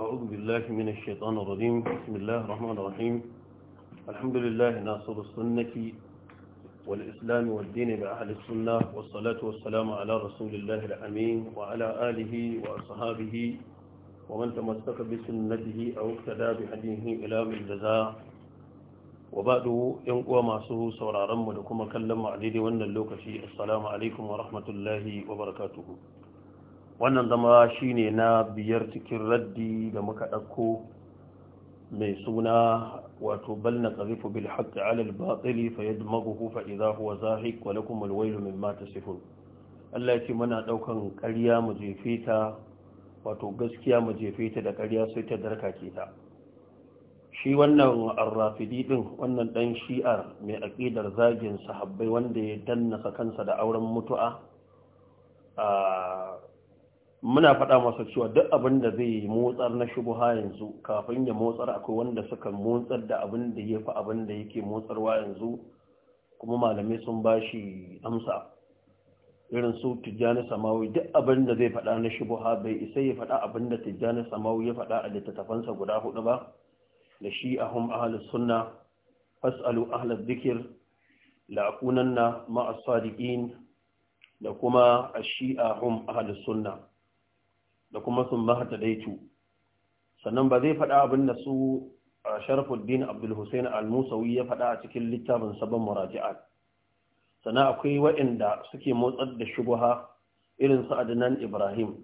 أعوذ بالله من الشيطان الرجيم بسم الله الرحمن الرحيم الحمد لله ناصر السنة والإسلام والدين بأهل السنة والصلاة والسلام على رسول الله الأمين وعلى آله وأصحابه ومن تمسك بسنته أو اقتدى بهديه إلى من جزاء وبعد ينقوى معصوه سورا رم لكم كلم عليه وأن اللوكشي السلام عليكم ورحمة الله وبركاته wannan zama shine na biyar cikin raddi da muka ɗauko mai suna wato bal na ƙazifu bil haƙƙi alal batsili fa yadda maguhu fa idza huwa zahiq wa lakum alwailu mimma tasifun Allah ce muna ɗaukan ƙarya mu jefe ta wato gaskiya mu jefe ta da ƙarya sai ta darka ke ta shi wannan arrafidi din wannan dan shi'ar mai aƙidar zagin sahabbai wanda ya dannasa kansa da auren mutu'a a muna faɗa masa cewa duk abin da zai motsar na shubuha yanzu kafin ya motsar akwai wanda suka motsar da abin da ya fi abin da yake motsarwa yanzu kuma malamai sun ba shi amsa irin su tijjani samawi duk abin da zai faɗa na shubuha bai isa ya faɗa abin da tijjani samawi ya faɗa a littattafansa guda hudu ba da shi a hum ahalus sunna fas'alu ahlal zikir la'akunan na ma'asadiƙin da kuma shi shi'ahum hum sunna da kuma sun ba ta sannan ba zai faɗa abin da su a sharafuddin abdulhussein al-musawi ya faɗa a cikin littafin sabon muraji'a. sannan akwai waɗanda suke motsar da shubuha irin su adnan ibrahim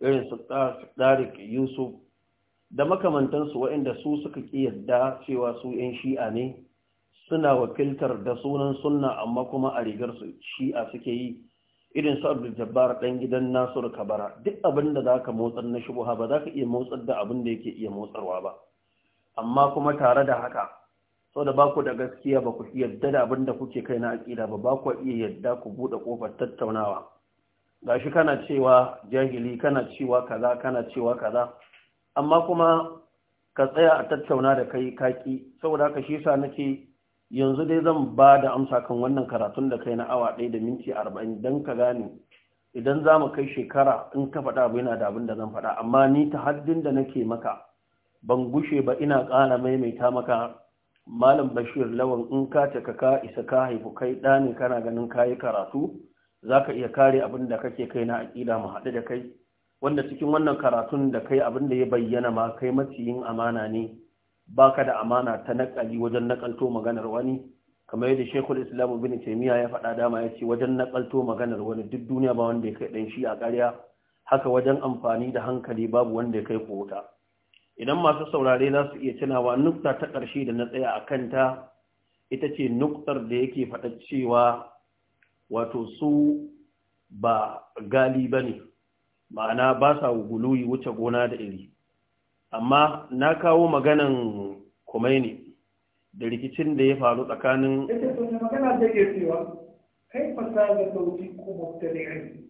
irin su ɗarik yusuf da makamantansu waɗanda su suka ƙi yadda cewa su 'yan shi'a ne suna wakiltar da sunan sunna amma kuma a rigar su shi'a suke yi irin su abu jabbar dan gidan nasur kabara duk abin da zaka motsa na shubha ba ka iya motsar da abin da yake iya motsarwa ba amma kuma tare da haka sau da baku da gaskiya ba ku yadda da abin da kuke kai na aƙida ba ba ku iya yadda ku buɗe ƙofar tattaunawa gashi kana cewa jahili kana cewa kaza kana cewa kaza amma kuma ka tsaya a tattauna da kai kaki saboda haka shi yasa nake yanzu dai zan ba da amsa kan wannan karatun da kai na awa ɗaya da minti arba'in don ka gane idan za mu kai shekara in ka faɗa abu yana da abin da zan faɗa amma ni ta haddin da nake maka ban gushe ba ina ƙara maimaita maka malam bashir lawan in ka taka ka isa ka haifu kai ɗa ne kana ganin ka yi karatu za ka iya kare abin da kake kai na aƙida mu haɗu da kai wanda cikin wannan karatun da kai abin da ya bayyana ma kai maciyin amana ne baka da amana ta naƙali wajen naƙalto maganar wani kamar yadda shekul Islamu bin taimiyya ya faɗa dama ya ce wajen naƙalto maganar wani duk duniya ba wanda ya kai ɗan shi a ƙarya haka wajen amfani da hankali babu wanda ya kai kota idan masu saurare za su iya tunawa nukta ta ƙarshe da na tsaya a kanta ita ce nuktar da yake faɗa cewa wato su ba gali ba ne ma'ana ba sa guluyi wuce gona da iri amma na kawo maganan ne. da rikicin da ya faru tsakanin ita to magana da cewa kai fasada sauti ko mubtadi'in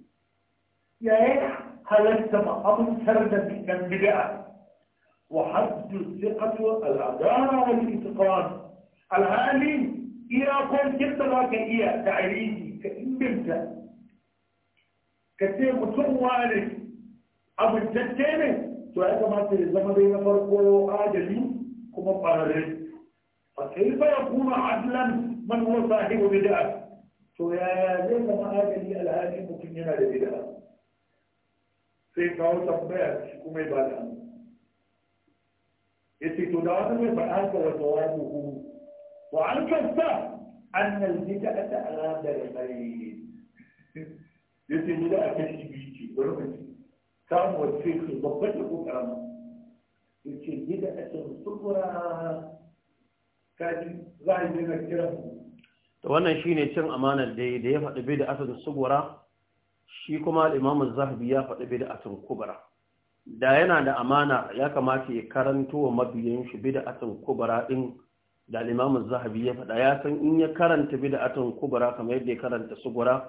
halatta ma'amtar da bidan bid'a wa haddu thiqatu al-adara wal intiqad al-hali iya kon kinta ba ka iya ta'rifi ka ka ce mutum wani abin tattene to ya kamata ya zama dai na farko adali kuma ƙwararre a kai fa ya kuma adlan man huwa sahibu bid'a to ya zai zama adali alhali mutum yana da bid'a sai kawo tambaya shi kuma ba da yace to da wani mai faɗa ka wa tawabuhu wa an kasta an al-bid'a ala dalil yace bid'a kashi biyu ce wani samuwar cikin babban da ko karama ce gida a cikin sukura kaji za a yi na kiran to wannan shine cin amanar da da ya faɗi bai da asin sugura shi kuma al'imamu zahabi ya faɗi bai da asin kubara da yana da amana ya kamata ya karanto wa mabiyan shi bai da asin kubara din da al'imamu zahabi ya faɗa ya san in ya karanta bai da asin kubara kamar yadda ya karanta sugura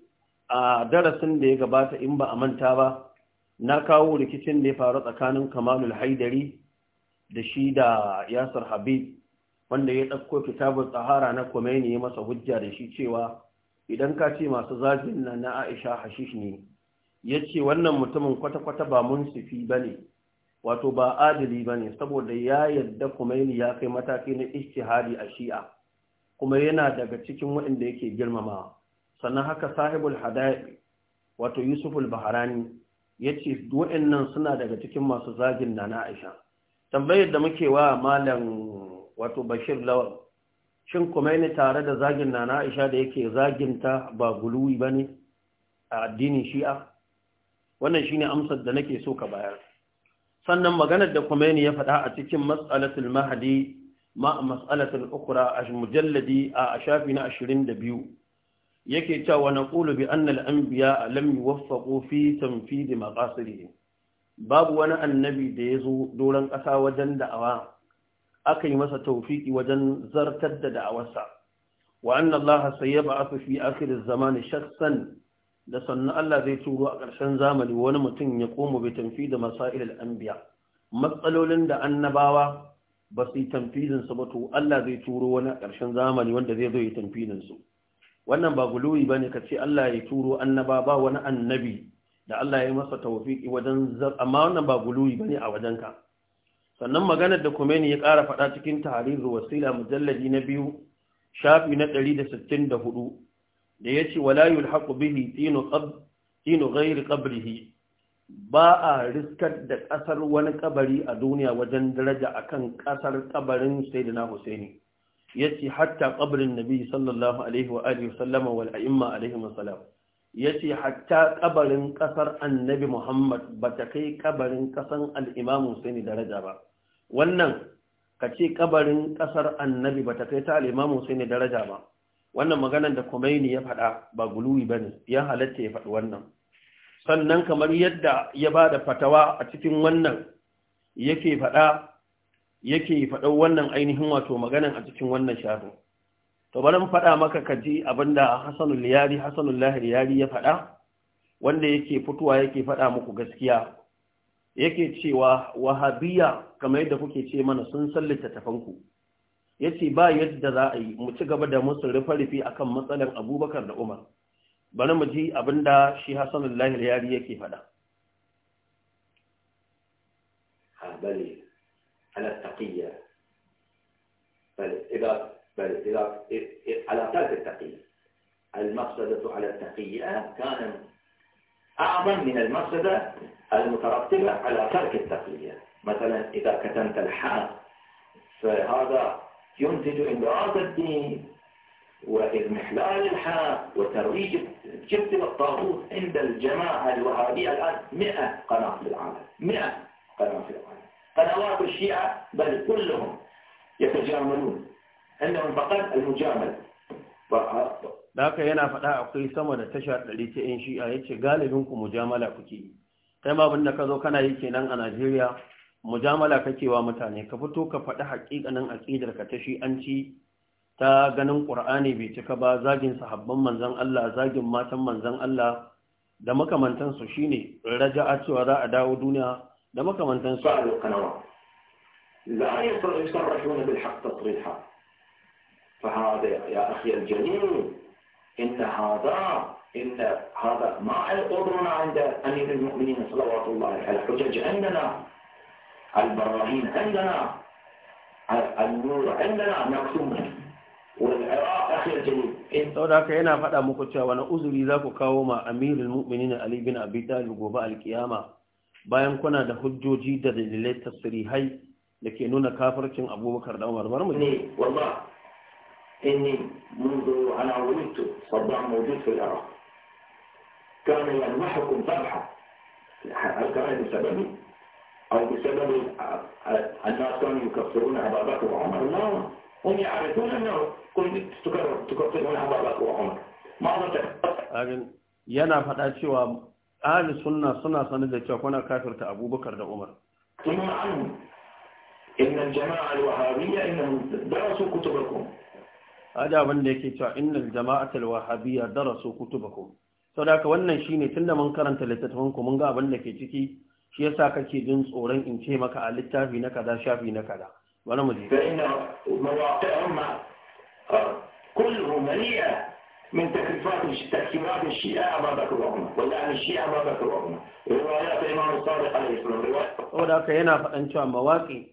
a darasin da ya gabata in ba a manta ba na kawo rikicin da ya faru tsakanin kamalul haidari da shi da yasir habib wanda ya ɗauko kitabun tsahara na komeni ya masa hujja da shi cewa idan ka ce masu zajin na na aisha hashish ne ya ce wannan mutumin kwata-kwata ba mun munsifi ba ne wato ba adali ba ne saboda ya yadda komeni ya kai mataki na ishtihari a shi'a kuma yana daga cikin waɗanda yake girmamawa sannan haka sahibul hada'i wato yusuful baharani ya ce wa'annan suna daga cikin masu zagin na aisha tambayar da muke wa malam wato bashir lawal shin kuma ne tare da zagin na aisha da yake zaginta ba guluwi ba ne a addinin shi'a wannan shine amsar da nake so ka bayar sannan maganar da kumaini ya faɗa a cikin matsalatul mahadi ma a matsalatul ukura a mujalladi a shafi na ashirin da biyu yake cewa na ƙulu bi annal anbiya lam yuwaffaqu fi tanfidi maqasirihim babu wani annabi da ya zo doron ƙasa wajen da'awa aka yi masa taufiki wajen zartar da da'awarsa wa anna Allah sayyaba afi fi akhir zaman shakhsan da sannan Allah zai turo a ƙarshen zamani wani mutum ya komo bi tanfidi masail al-anbiya matsalolin da annabawa ba su yi tanfidin ba to Allah zai turo wani a ƙarshen zamani wanda zai zo yi tanfidin wannan ba guluwi bane ka ce Allah ya turo annaba ba wani annabi da Allah ya masa tawfiki wajen amma wannan ba guluwi bane a wajen ka. sannan maganar da Khomeini ya ƙara faɗa cikin tahrir wasila mujalladi na biyu shafi na 164 da yace wala yulhaqu bihi tinu qab tinu ghairi qabrihi ba a riskar da ƙasar wani kabari a duniya wajen daraja akan ƙasar kabarin Sayyidina Husaini yace hatta qabrin nabi sallallahu alaihi wa alihi wasallama wal a'imma alaihi wasallam yace hatta kabarin kasar annabi Muhammad bata kai kabarin kasan al-Imam daraja ba wannan kace kabarin kasar annabi bata kai ta al-Imam daraja ba wannan maganar da kumaini ya faɗa ba ba bane ya halatta ya faɗi wannan sannan kamar yadda ya bada fatawa a cikin wannan yake faɗa yake faɗau wannan ainihin wato maganan a cikin wannan shato. to bari mu faɗa maka kaji abinda Hassanul Yari Hassanul Lahir Yari ya faɗa wanda yake fitowa yake faɗa muku gaskiya yake cewa wahabiya kamar yadda kuke ce mana sun san littattafan ku yace ba yadda za a yi mu ci gaba da musu rufe rufe akan matsalan Abubakar da Umar bari mu ji abinda shi Hassanul Lahir Yari yake faɗa ha bane على التقية بل إذا بل إذا على ترك التقية المقصدة على التقية كان أعظم من المقصدة المترتبة على ترك التقية مثلا إذا كتمت الحال فهذا ينتج إمراض الدين وإضمحلال الحال وترويج جبت الطاغوت عند الجماعة الوهابية الآن 100 قناة في العالم 100 قناة في العالم قنوات الشيعة بل كلهم يتجاملون عندهم فقط المجامل da yana faɗa akwai sama da tasha ɗari ta 'yan shi'a ya ce galibinku mujamala kuke yi kai ma abin da ka zo kana yi kenan a najeriya mujamala kake wa mutane ka fito ka faɗi haƙiƙanin aƙidar ka ta shi'anci ta ganin ƙur'ani bai cika ba zagin sahabban manzan allah zagin matan manzan allah da makamantansu shine raja'a cewa za a dawo duniya ده مكمنتن بعض القنوات لا يصرحون بالحق تصريحا فهذا يا أخي الجليل إن هذا إن هذا ما يقدرون عند أمير المؤمنين صلوات الله عليه الحجج عندنا البراهين عندنا النور عندنا مكتوم والعراق أخي الجليل إن haka yana وانا muku ذاك wani امير المؤمنين علي بن ابي amirul mu'minin Ali bayan kuna da hujjoji da dalilai tasirihai da ke nuna kafarcin abubakar da umar bar mu ne wanda inni mundu ana wulitu saddam mawjud fil iraq kana yanmahukum dabha al-qara'i bi sababi aw bi sababi an-nas kanu yukaffiruna ababaka wa umar na hum ya'rifuna tukar kunt tukaffiruna ababaka wa umar ma'ana yana fada cewa ahli sunna suna sanar da cewa kuna kafirta abubakar da umar inna jama'a al-wahabiyya innahum darasu kutubakum hada abin da yake cewa inna jama'a al-wahabiyya darasu kutubakum saboda wannan shine tunda mun karanta littattafan ku mun ga abin da ke ciki shi yasa kake jin tsoron in ce maka a littafi na kaza shafi na kaza wani mu je kullu maliya من تكليفات تكفيرات الشيعة ما ذكرهن ولا عن الشيعة ما ذكرهن روايات الإمام الصادق عليه السلام روايات وذاك هنا فأن شاء مواقي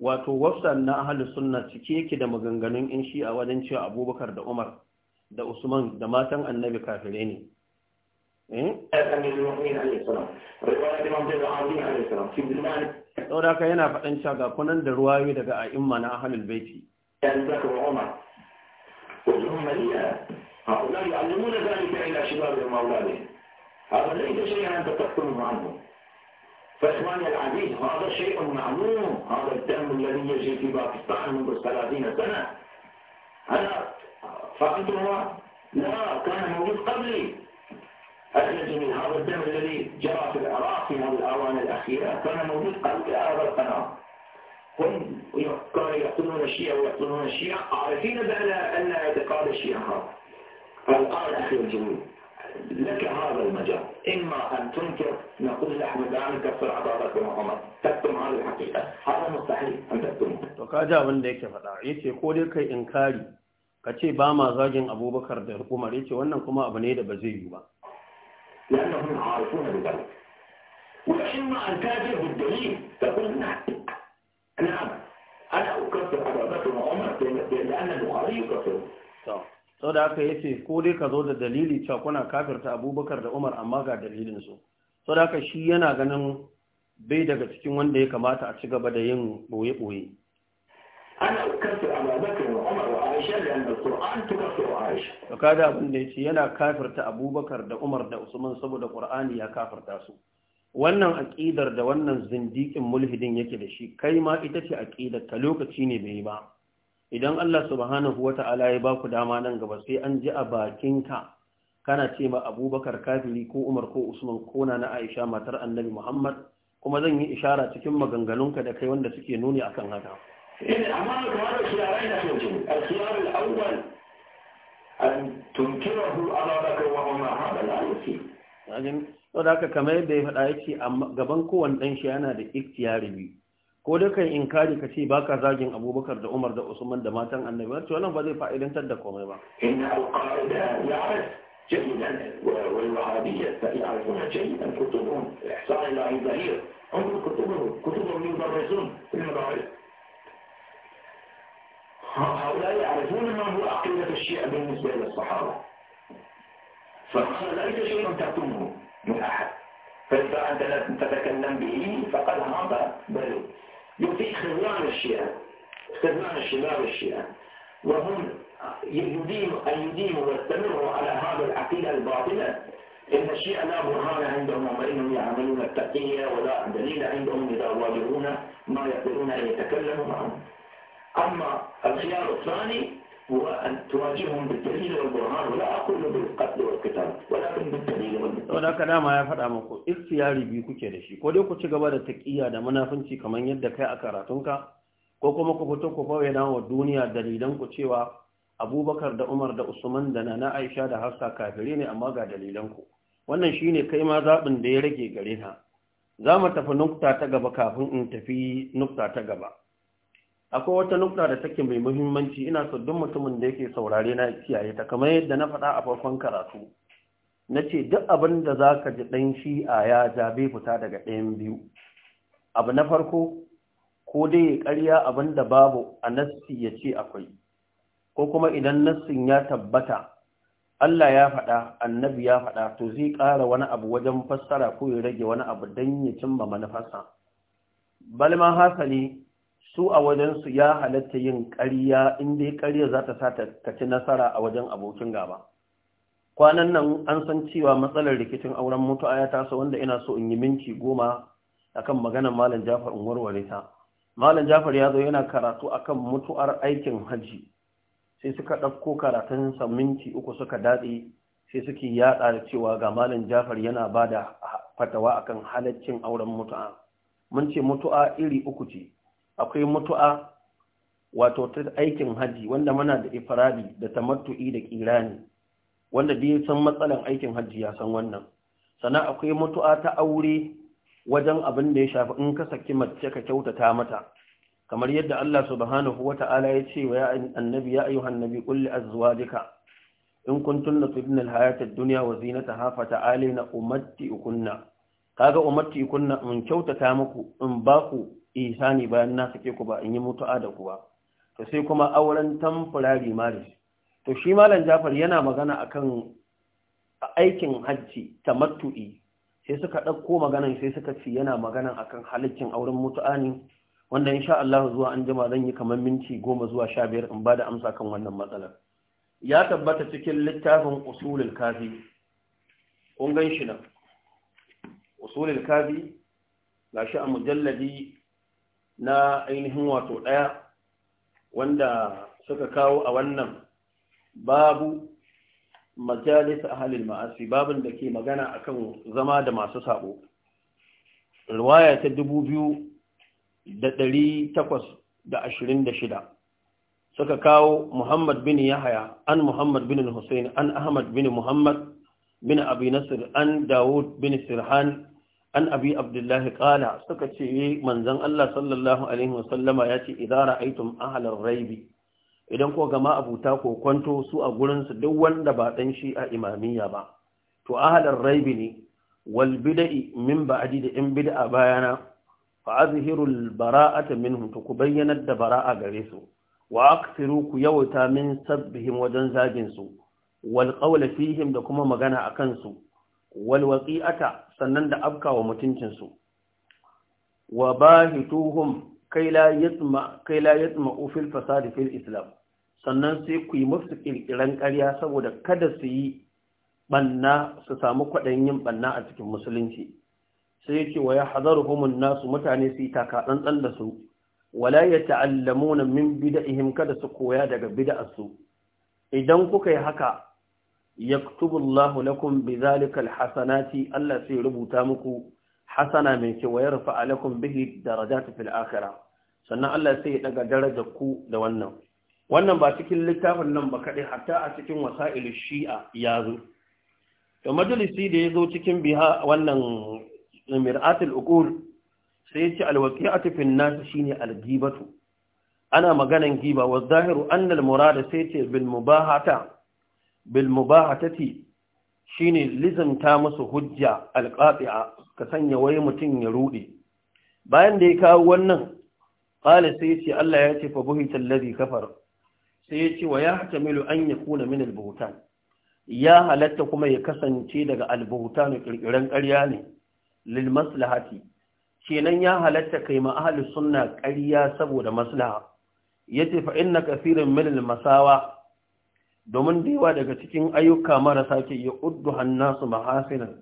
wato wafsan na ahalus sunna cike yake da maganganun in shi a wajen cewa abubakar da umar da usman da matan annabi kafire ne saboda ka yana faɗin cewa ga kunan da ruwayoyi daga a'imma na ahli baiti هؤلاء يعلمون ذلك إلى شبابهم وأولادهم هذا ليس شيئا أنت تقتله عنهم فإخواني العزيز هذا شيء معلوم هذا الدم الذي يجري في باكستان منذ 30 سنة أنا فقدتها لا كان موجود قبلي أخرج من هذا الدم الذي جرى في العراق في هذه الآوان الأخيرة كان موجود قبل هذا القناة هم كانوا يقتلون الشيعة ويقتلون الشيعة عارفين بأن اعتقاد الشيعة هذا القاعدة في جميل لك هذا المجال إما أن تنكر نقول لك مدام كفر عضلات بن تكتم هذه الحقيقة هذا مستحيل أن تكتمه وكذا من ذلك فلا يتي كوري كي إنكاري كتي باما زاجن أبو بكر دير قمر يتي wannan kuma abu ne da لأنهم عارفون بذلك وإما أن تاجر بالدليل تقول نعم نعم أنا أكفر أبا بكر لأن البخاري يكفر sau da aka yace ko dai ka zo da dalili cewa kuna kafirta abubakar da umar amma ga dalilinsu sau da aka shi yana ganin bai daga cikin wanda ya kamata a ci gaba da yin ɓoye-ɓoye ana da kada abin da ya ce yana kafirta abubakar da umar da usman saboda ƙur'ani ya kafirta su wannan aƙidar da wannan zindiƙin mulhidin yake da shi kai ma ita ce aƙidar ta lokaci ne bai ba idan Allah subhanahu ta’ala ya ku dama nan gaba sai an ji a bakinka kana ce ma Abubakar kafiri ko Umar ko Usman ko na Aisha matar Annabi Muhammad kuma zan yi ishara cikin maganganunka da kai wanda suke nuni akan haka amma da ajin haka kamar yadda ya faɗa yake gaban kowane dan shi yana da ikhtiyari biyu ko da kai inkari ka ce baka zagin abubakar da umar da usman da matan annabi wacce wannan ba zai fa'idantar da komai ba جيدا والوهابية جيدا كتبهم كتبهم كتبهم يدرسون في هؤلاء يعرفون ما هو عقيدة الشيعة بالنسبة للصحابة فليس شيء تكتمه من أحد فإذا أنت لم تتكلم به فقد هذا بل يعطيك خذلان الشيعة خذلان الشباب الشيعة وهم يديم أن ويستمروا على هذا العقيدة الباطلة إن الشيعة لا برهان عندهم وإنهم يعملون التقية ولا دليل عندهم إذا واجهون ما يقولون أن يتكلموا معهم أما الخيار الثاني تواجههم بالدليل والبرهان ولا أقول بالقتل والقتال ولكن بالدليل والبرهان ya faɗa muku ikhtiyari biyu kuke da shi ko dai ku ci gaba da taqiya da munafunci kamar yadda kai a karatunka ko kuma ku fito ku yana wa duniya dalilan ku cewa Abubakar da Umar da Usman da Nana Aisha da Hafsa kafire ne amma ga dalilan ku wannan shine kai ma zabin da ya rage gare ta za mu tafi nukta ta gaba kafin in tafi nukta ta gaba akwai wata nukta da take mai muhimmanci ina so duk mutumin da yake saurare na kiyaye ta kamar yadda na faɗa a farkon karatu na ce duk abin da za ka ji ɗan a ya jabe fita daga ɗayan biyu abu na farko ko dai ya ƙarya abin da babu a nassi ya ce akwai ko kuma idan nassin ya tabbata Allah ya faɗa annabi ya faɗa to zai ƙara wani abu wajen fassara ko ya rage wani abu don ya cimma manufarsa balma hasali su a wajen su ya halatta yin ƙarya in dai ƙarya za ta sa ci nasara a wajen abokin gaba kwanan nan an san cewa matsalar rikicin auren mutu'a ya taso wanda ina so in yi minti goma akan maganar malam jafar in warware ta malam jafar ya zo yana karatu akan mutuwar aikin hajji sai suka ɗauko karatunsa minti uku suka daɗe sai suke yaɗa da cewa ga malam jafar yana ba da fatawa akan halaccin auren mutu'a mun ce mutu'a iri uku ce akwai mutu'a wato ta aikin haji wanda muna da ifradi da tamattu'i da kirani wanda bai san matsalan aikin haji ya san wannan sannan akwai mutu'a ta aure wajen abin da ya shafi in ka saki mace ka kyautata mata kamar yadda Allah subhanahu wata'ala ya ce wa ya annabi ya ayyuhan nabi qul li azwajika in kuntunna duniya, al-hayata ad-dunya wa zinataha fata'alina umatti'ukunna kaga umatti'ukunna in kyautata muku in ba ku. ihsani bayan na sake ku ba in yi mutu'a da kuwa. ba to sai kuma auren temporary marriage to shi malam Jafar yana magana akan aikin hajji tamattu'i sai suka ɗauko maganan sai suka ci yana maganan akan halakin auren mutu'a ne wanda insha Allah zuwa an jima zan yi kamar minti goma zuwa sha biyar in ba da amsa kan wannan matsalar ya tabbata cikin littafin usulul kafi kun gan shi nan usulul kafi gashi a mujalladi na ainihin wato ɗaya wanda suka kawo a wannan babu majalis halin ma'asi babin da ke magana akan zama da masu sabo riwaya ta dubu biyu da ɗari takwas da ashirin da shida suka kawo muhammad bin yahaya an muhammad bin hussein an ahmad bin muhammad bin Abinasir an dawud bin sirhan an abi abdullahi kala suka ce eh, manzon Allah sallallahu alaihi wasallama yace idza ra'aytum ahlal raibi idan ko gama abuta ko kwanto su a gurin su duk wanda ba dan shi a imamiyya ba to ahlal raibi ne wal bid'i min ba'di da in bid'a bayana fa azhiru al bara'ata minhum to ku bayyana da bara'a gare su wa akthiru ku yawta min sabbihim wajen zagin su wal qawla fihim da kuma magana akan su walwaƙi'ata sannan da afka wa mutuncinsu wa bahituhum kai la yatma ufil fasadi fil islam sannan sai ku yi musu ƙirƙiran ƙarya saboda kada su yi banna su samu kwaɗayin yin banna a cikin musulunci sai ya ce wa ya hazaruhumun nasu mutane su yi taka-tsantsan da su wala ya ta'allamuna min bida'ihim kada su koya daga su idan kuka yi haka yaktubu Allah lakum bi zalika Allah sai rubuta muku hasana mai kyau wa yarfa lakum bihi darajat fil akhirah sannan Allah sai ya daga darajar ku da wannan wannan ba cikin littafin nan ba kadai hatta a cikin wasa'ilu shi'a ya zo to majalisi da ya zo cikin biha wannan mir'atul uqul sai ya ce alwaqi'atu fin nas shine algibatu ana maganan giba wa zahiru Annal almurad sai ce bil mubahata bil mubahatati shine lizanta musu hujja alqati'a ka sanya wai mutum ya rude bayan da ya kawo wannan qala sai yace Allah ya ce fa buhita kafar sai ce wa Milu an ya kuna min albuhtan ya halatta kuma ya kasance daga albuhtan kirkiran ƙarya ne lil kenan ya halatta kai ma ahlus sunna ƙarya saboda maslaha yace fa inna kaseeran min masawa? domin da yawa daga cikin ayyuka marasa ke ya uddu hannu su mahasinan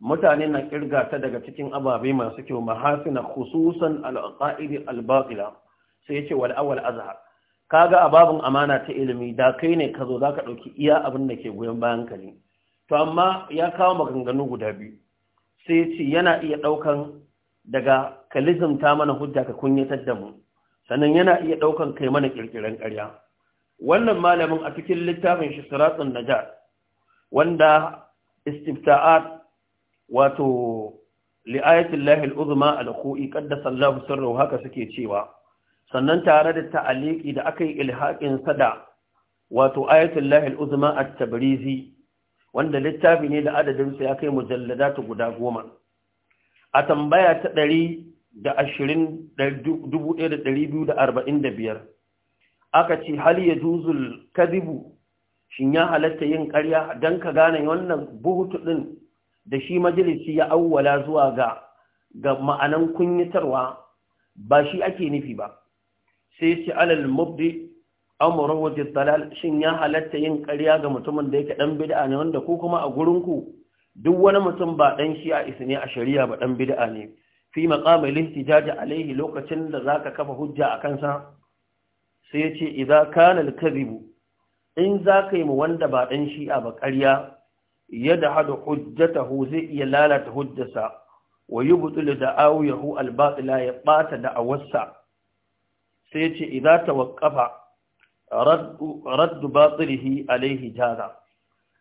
mutane na kirga ta daga cikin ababe masu kyau mahasina khususan al'aqaidi al sai ce wal'awar awwal Ka ga ababin amana ta ilimi da kai ne ka zo za ka ɗauki iya abin da ke goyon bayan ka ne to amma ya kawo maganganu guda biyu sai ce yana iya ɗaukan daga kalizm ta mana hujja ka kunyatar da mu sannan yana iya ɗaukan kai mana ƙirƙiran ƙarya wannan malamin a cikin littafin shi siratun najar wanda istifta'at wato li'ayatul lahi al'uzma al-khu'i qaddasa Allahu sirruhu haka suke cewa sannan tare da ta'aliki da akai ilhaqin sada wato ayatul lahi al'uzma at-tabrizi wanda littafi ne da adadin sa ya kai mujalladatu guda goma a tambaya ta 120 1245 aka ce hal ya duzul kadibu shin ya halatta yin ƙarya don ka gane wannan buhutu ɗin da shi majalisi ya awwala zuwa ga ga ma'anan kunyatarwa ba shi ake nufi ba sai ce alal mubdi amuru wajen talal shin ya halatta yin ƙarya ga mutumin da yake ɗan bid'a ne wanda ko kuma a gurinku duk wani mutum ba ɗan shi a isne a shari'a ba ɗan bid'a ne fi maƙamalin tijaji alaihi lokacin da za ka kafa hujja a kansa sai ya ce idan kanal kadhibu in za ka yi wanda ba ɗan shi'a a ƙarya yadda hada hujjatahu zai iya lalata hujjasa wa yi butul da awuyahu albatila ya ɓata da'awarsa sai ce idza tawaqqafa raddu batilihi alaihi jaza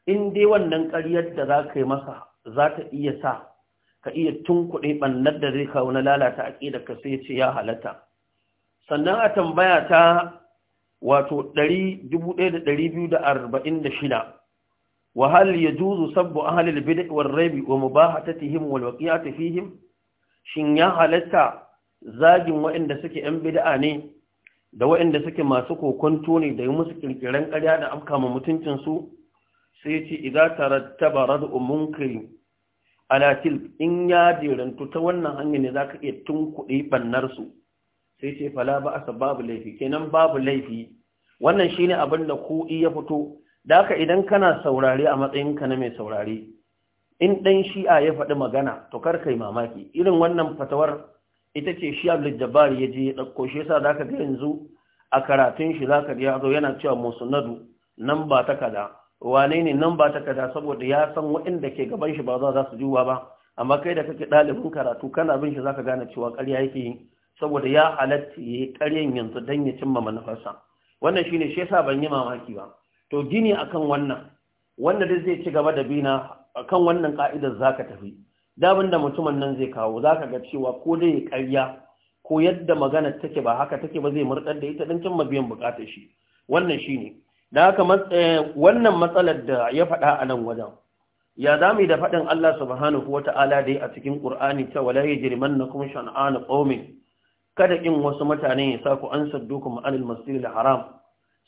in dai wannan ƙaryar da za ka yi masa za ta iya sa ka iya tunkuɗe ɓannar da zai kawo na lalata a aƙidarka sai ce ya halatta sannan a tambaya ta wato 1246 wa hal yajuzu sabbu ahli al-bid'ah war-rayb wa mubahatatihim wal-waqi'ati fihim shin ya halatta zagin waɗanda suke ‘yan bida'a ne da waɗanda suke masu kokonto ne da yi musu ƙirƙirar ƙarya da afkama su? sai ce idan tarattaba radu'un munkiri alatil in ya jerantu ta wannan hanyar ne za ka iya tun kuɗi ɓannarsu sai ce fala ba asa babu laifi kenan babu laifi wannan shine abin da ku ya fito da haka idan kana saurare a matsayinka na mai saurare in dan shi'a ya faɗi magana to kar kai mamaki irin wannan fatawar ita ce shi abdul jabbar ya je ya ɗauko shi yasa zaka ga yanzu a karatun shi zaka ga zo yana cewa musnadu nan ba ta kada. wane ne nan ba ta kada saboda ya san waɗanda ke gaban shi ba za su juwa ba amma kai da kake ɗalibin karatu kana bin shi zaka gane cewa ƙarya yake yi saboda ya halatta ya yi ƙaryen yanzu don ya cimma manufarsa wannan shine shi yasa ban yi mamaki ba to gini akan wannan wanda duk zai ci gaba da bina akan wannan ka'idar zaka tafi dabin da mutumin nan zai kawo zaka ga cewa ko dai ƙarya ko yadda magana take ba haka take ba zai murɗar da ita don cimma biyan buƙatar shi wannan shine da haka eh, wannan matsalar da ya faɗa a nan wajen ya za da faɗin Allah subhanahu wa ta'ala dai a cikin Qur'ani ta wala yajrimannakum shan'anu qaumin kada in wasu mutane ya sa ku an saddukum anil masjidil haram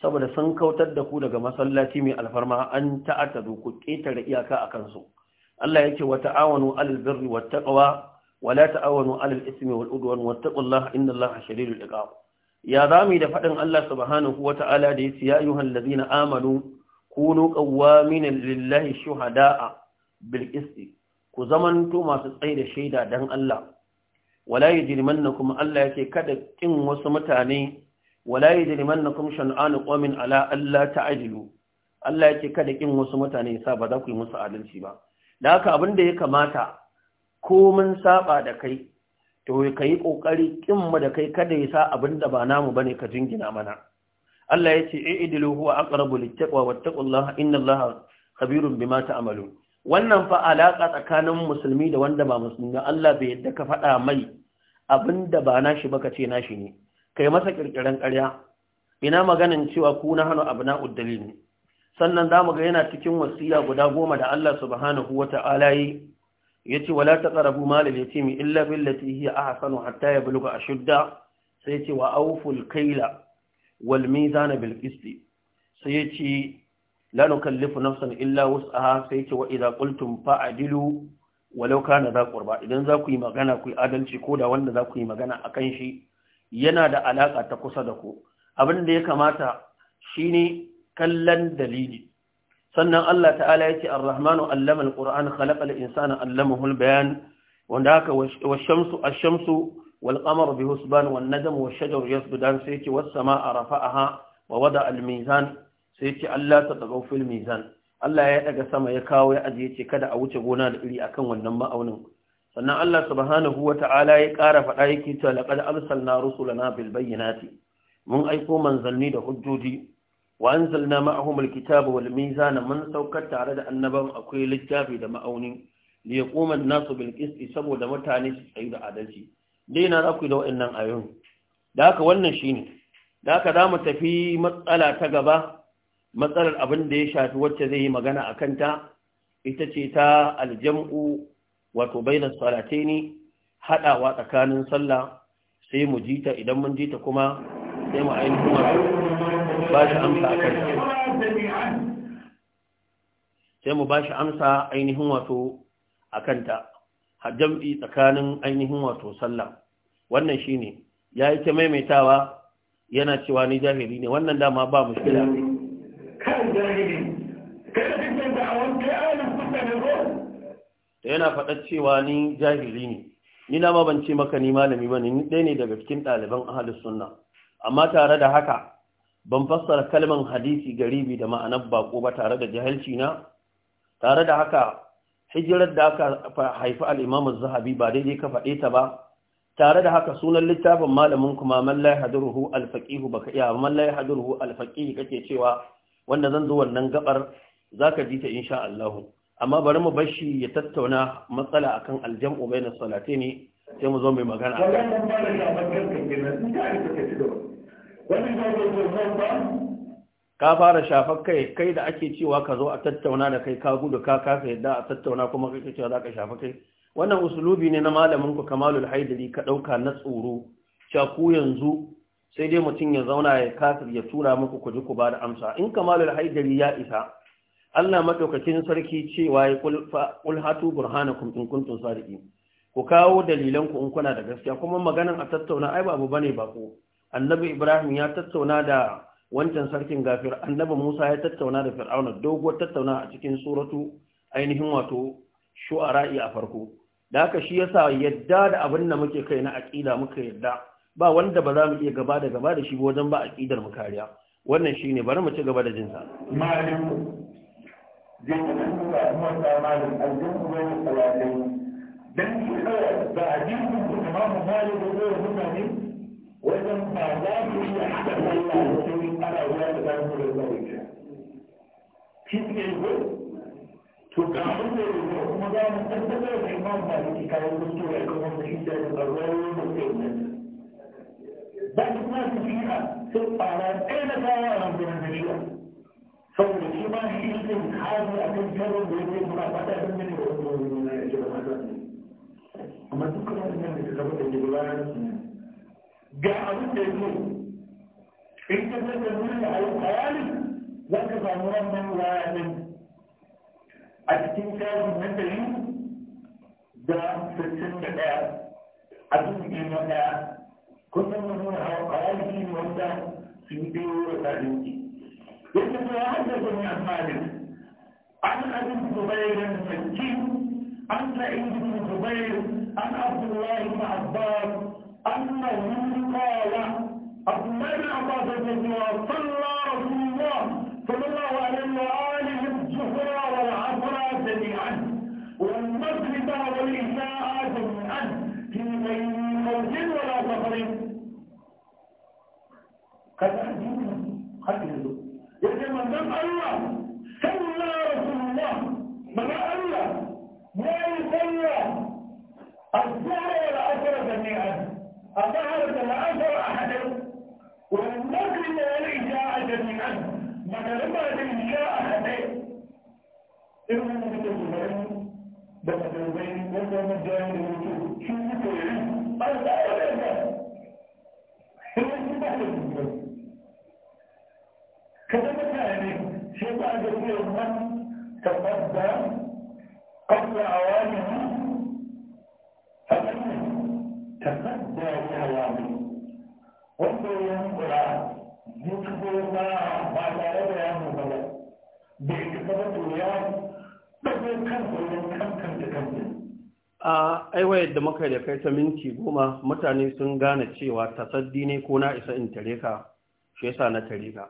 saboda sun kautar da ku daga masallaci mai alfarma an ta'atadu ku ketare iyaka a kansu. Allah yake wa ta'awanu alal birri wat taqwa wa la ta'awanu alal ismi wal udwan wattaqullaha innallaha shadidul iqab ya zami da fadin Allah subhanahu wa ta'ala da yace ya ayyuhal ladina amanu kunu qawwamin lillahi shuhada bil qisti ku zamanto masu tsayi da shaida dan Allah wala kuma Allah yake kada ƙin wasu mutane wala yajrimannakum shan'anu qawmin ala ta ta'jilu Allah yake kada kin wasu mutane sa ba za ku yi musu adalci ba da haka abin da ya kamata ko mun saba da kai to kai kokari kin mu da kai kada ya sa abin da ba namu ba ne ka jingina mana Allah yace i'dilu huwa aqrabu littaqwa wattaqullaha innallaha khabirun bima ta'malun wannan fa alaƙa tsakanin musulmi da wanda ba musulmi Allah bai yadda ka faɗa mai abin da ba nashi ba ka ce nashi ne kai masa ƙirƙiran ƙarya ina maganin cewa ku na hannu abu na uddali ne sannan za mu ga yana cikin wasiya guda goma da Allah subhanahu wa ta'ala yi ya ce wala ta ƙarabu malal yatimi illa billati hiya ahsanu hatta yablugha ashudda sai ce wa awful kaila wal mizana bil qisti sai ya ce la nukallifu nafsan illa wus'aha sai ce wa idza qultum fa'dilu walau kana za qurba idan za ku yi magana ku yi adalci ko da wanda za ku yi magana akan shi yana da alaka ta kusa da ku abin da ya kamata shine kallon dalili sannan Allah ta'ala yake ar-rahmanu allama al-qur'an khalaqa al-insana allamahu al-bayan wanda haka wash-shamsu ash-shamsu wal-qamaru bi husban wan-najmu wash-shajaru yasjudan sai yace was-samaa'a rafa'aha wa al-mizan sai ce Allah ta tsagau fil mizan Allah ya daga sama ya kawo ya ajiye ce kada a wuce gona da iri akan wannan ma'aunin sannan Allah subhanahu wata'ala ya kara faɗa yake cewa laqad arsalna rusulana bil bayyinati mun aiko manzanni da hujjoji wa anzalna ma'ahum al kitaba wal mizana mun saukar tare da annaban akwai littafi da ma'auni li yaquma an-nasu bil qisti saboda mutane su tsayi da adalci dai na da waɗannan ayoyin da haka wannan shine da haka za mu tafi matsala ta gaba matsalar abin da ya shafi wacce zai yi magana a kanta ita ce ta aljam'u wato bainar salate ne haɗawa tsakanin sallah sai mu ji ta idan mun ji ta kuma sai mu ainihin wato ba shi amsa a kanta sai mu ba shi amsa ainihin wato a kanta jam'i tsakanin ainihin wato sallah wannan ne. ya yi ta maimaitawa yana cewa ni jahili ne wannan dama ba mushkila da yana faɗa cewa ni jahili ne ni na ma ban ce maka ni malami bane ni ɗaya ne daga cikin ɗaliban ahlus sunna amma tare da haka ban fassara kalman hadisi garibi da ma'anar bako ba tare da jahilci na tare da haka hijirar da aka haifi az zahabi ba daidai ka faɗe ta ba tare da haka sunan littafin malamin kuma mallai al alfaƙihu ba ka iya mallai al-faqih kake cewa wanda zan zo wannan gabar zaka ka ji ta insha Allahu amma bari mu bashi ya tattauna matsala akan aljam'u Salate ne, sai mu zo mai magana ka fara shafar kai kai da ake cewa ka zo a tattauna da kai ka gudu ka kasa yadda a tattauna kuma kai cewa za ka shafa kai wannan usulubi ne na malamin ku kamalul haidari ka ɗauka na tsoro cewa yanzu sai dai mutum ya zauna ya kasa ya tura muku ku ji ku ba da amsa in kamalul haidari ya isa Allah madaukakin sarki cewa ya kul hatu burhanakum in kuntum sadiqin ku kawo dalilan ku in kuna da gaskiya kuma maganan a tattauna ai babu bane ba ko annabi Ibrahim ya tattauna da wancan sarkin gafir annabi Musa ya tattauna da Fir'auna doguwar tattauna a cikin suratu ainihin wato shu'ara'i a farko da haka shi yasa yadda da abin da muke kai na aqida muka yadda ba wanda ba za mu iya gaba da gaba da shi wajen ba aqidar mu kariya wannan shine bari mu ci gaba da jin jinsa لأنه مجموعة أعمال الجمع بين الصلاتين dan shi kawai ba a jirgin ku da mamu malik da zai mutane wajen ba za ku yi haka sallah da sai ana wuya da zan ku da zai ka shi ne ko to ga mun da yi kuma za mu tabbatar da imam malik kai ku to ya kuma da shi da zarrawo da sai ne ba ku ma ku yi ha sai fara kai na kawo a nan gurin da shi saboda kuma shi ne kayan a kan sharon da yake kuma ba ta san mini da wani amma duk kuma su ga abin da yake in ka san da wani a yi bayani za ka samu wannan bayanin a cikin sharon na dari da sittin da ɗaya a duk na ɗaya kun wani a bayani shi ne wanda sun biyo da tsarin يتحدث من أفعاله عن أبي الزبير المكي عن سعيد بن جبير عن عبد الله بن عباس أنه قال عبد الله بن عباس رضي الله صلى رسول الله صلى الله عليه وآله الظهر والعصر جميعا والمغرب والعشاء جميعا في غير موت ولا سفر قد أهدينا قد أيوة. الله yake manzon Allah sallallahu alaihi wasallam manzon Allah yayi sallah الظهر والعصر جميعا الظهر والعصر أحدا والمغرب والعشاء جميعا مغرب والعشاء أحدا إنه متجمعين بمدربين ومدربين ومدربين شو متجمعين الظهر والعصر إنه متجمعين kada mutane sai ba da ya wanda ya kura ba tare da ya mu bala kaba kan kankan da a muka da kai ta minti goma mutane sun gane cewa tasaddi ne ko na isa in tare ka shi yasa na tare ka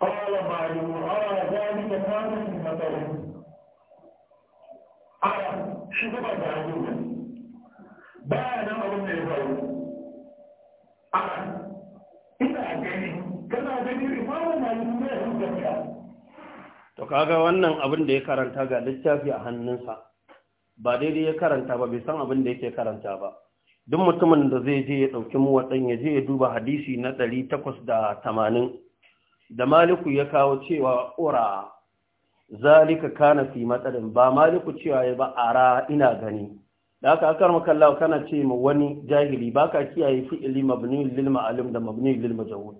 قال بعضهم أرى ذلك كان في مطر أرى شبه بعضهم بان أمر الغرب أرى اذا أجاني كما ذكر امام مالك الله To kaga wannan abin da ya karanta ga littafi a hannunsa ba daidai ya karanta ba bai san abin da yake karanta ba duk mutumin da zai je ya ɗauki mu ya je ya duba hadisi na ɗari takwas da tamanin da maliku ya kawo cewa ura zalika kana fi matsalin ba maliku cewa ya ba ara ina gani da aka akar makallawa kana ce ma wani jahili ba ka kiyaye fi'ili mabni lil ma'alim da mabni lil majhul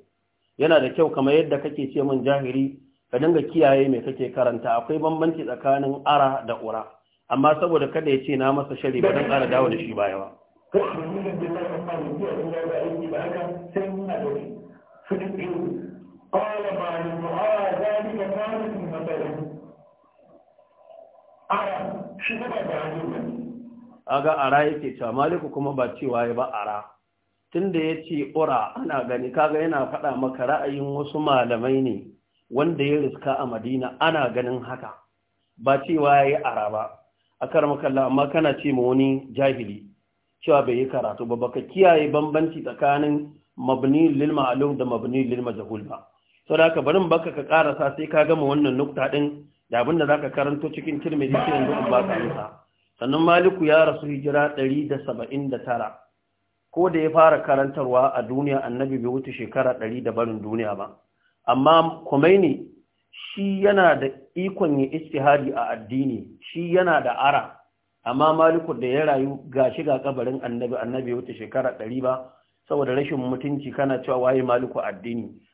yana da kyau kamar yadda kake ce min jahili ka dinga kiyaye mai kake karanta akwai bambanci tsakanin ara da ura amma saboda kada ya ce na masa shari ba dan ƙara dawo da shi baya ba sai قال بعد آه ذلك ثالث مثلا أرى شو بعد aga ara yake cewa maliku kuma ba cewa ya ba ara tunda ya ce ura ana gani kaga yana faɗa maka ra'ayin wasu malamai ne wanda ya riska a madina ana ganin haka ba cewa ya yi ara ba a kalla amma kana ce ma wani jahili cewa bai yi karatu ba baka kiyaye bambanci tsakanin mabni lil ma'lum da mabni lil majhul ba so da ka barin baka ka karasa sai ka gama wannan nukta din da abin da zaka karanto cikin tirmidhi sai duk ba ka sannan maliku ya rasu hijira 179 ko da ya fara karantarwa a duniya annabi bai wuce shekara 100 da barin duniya ba amma Khomeini shi yana da ikon yin istihadi a addini shi yana da ara amma maliku da ya rayu ga shiga kabarin annabi annabi wuce shekara ɗari ba saboda rashin mutunci kana cewa waye maliku addini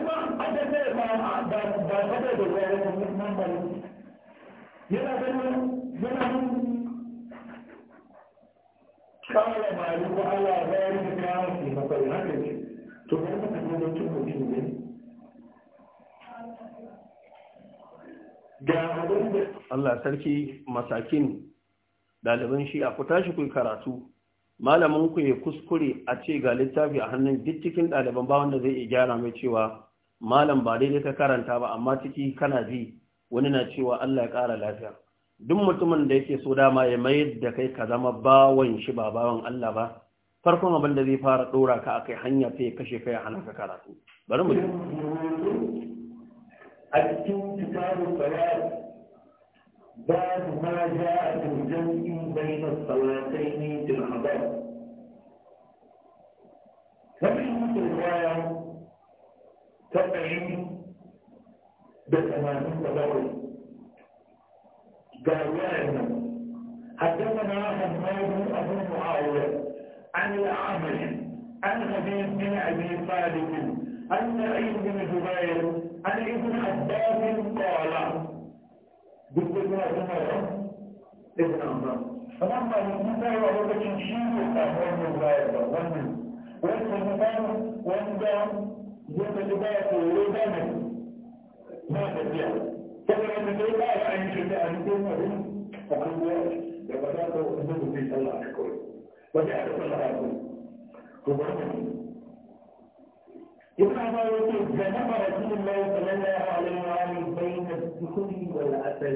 kuma a da zai ba ba ba ba da da ya yi nan ba yana ganin yana nan kawai ba yi ko Allah ya yi da kawo shi ba kai haka ce to ba ka tafi da cin mutum ne ga abin da Allah sarki masakin ɗaliban shi a ku tashi ku karatu malamin ku ya kuskure a ce ga littafi a hannun duk cikin ɗaliban ba wanda zai iya gyara mai cewa malam ba daidai ka karanta ba amma ciki kana ji wani na cewa Allah ya ƙara lafiya duk mutumin da yake so dama ya mayar da kai ka zama bawan shi ba bawan Allah ba farkon abin da zai fara ɗora ka akai hanya ta ya kashe kai hana ka karatu bari mu a cikin تبعين بالأمان يا جاويانا حدثنا حماد أبو معاوية عن الأعمش عن خبيب بن أبي طالب عن سعيد بن جبير عن ابن عباس قال بالذكر عمر ابن عمر فلما المتى وهو تشيل الأهوال الغائبة والمن والمتى والدم ya kalli baya tsoro ba ne ba tafiya saboda da dai ba ya an shi da an ko ma din a kan ruwa da ba za ka wani mutum sallah a kawai ba ta da sallah a kawai to ba ne ابن عمر يقول جنب رسول الله صلى الله عليه وآله بين السكر والأثر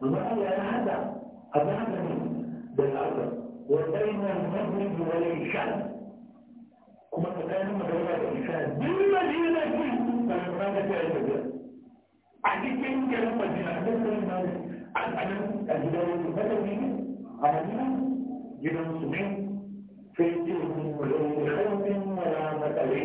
وقال هذا أبعدني بالأرض وبين المغرب والعشاء kuma tsakanin magana da isa duk madina ce sannan ba da ta yi a cikin garin madina a nan garin nan a nan a gidan wasu madani a madina gidan su ne sai ce mu da wani harfin mara matsalai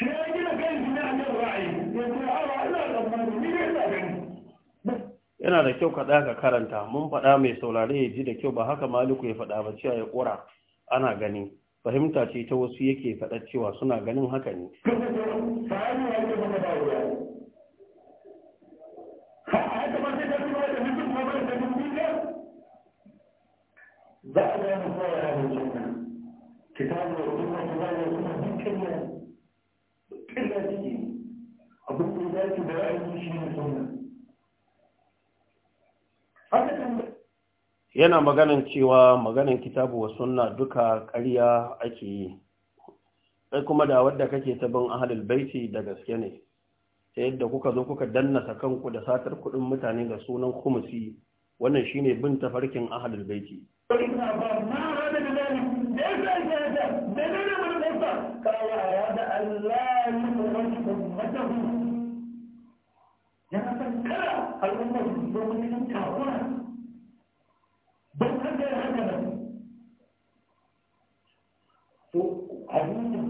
Ah, yana da kyau kaɗa ka karanta mun faɗa mai saurare ya ji da kyau ba haka maliku ya faɗa ba cewa ya ƙura ana gani fahimta ce ta wasu yake faɗa cewa suna ganin haka ne za a kowa ya kitabu yana maganin cewa maganin kitabu wa sunna duka ƙarya ake yi sai kuma da wadda kake ta bin baiti da gaske ne sai yadda kuka zo kuka danna ta kanku da satar kuɗin mutane da sunan kumusi wannan shine bin tafarkin ahalul baiti ya kasar kara al'ummar domin kawuna بل هكذا هكذا عدونا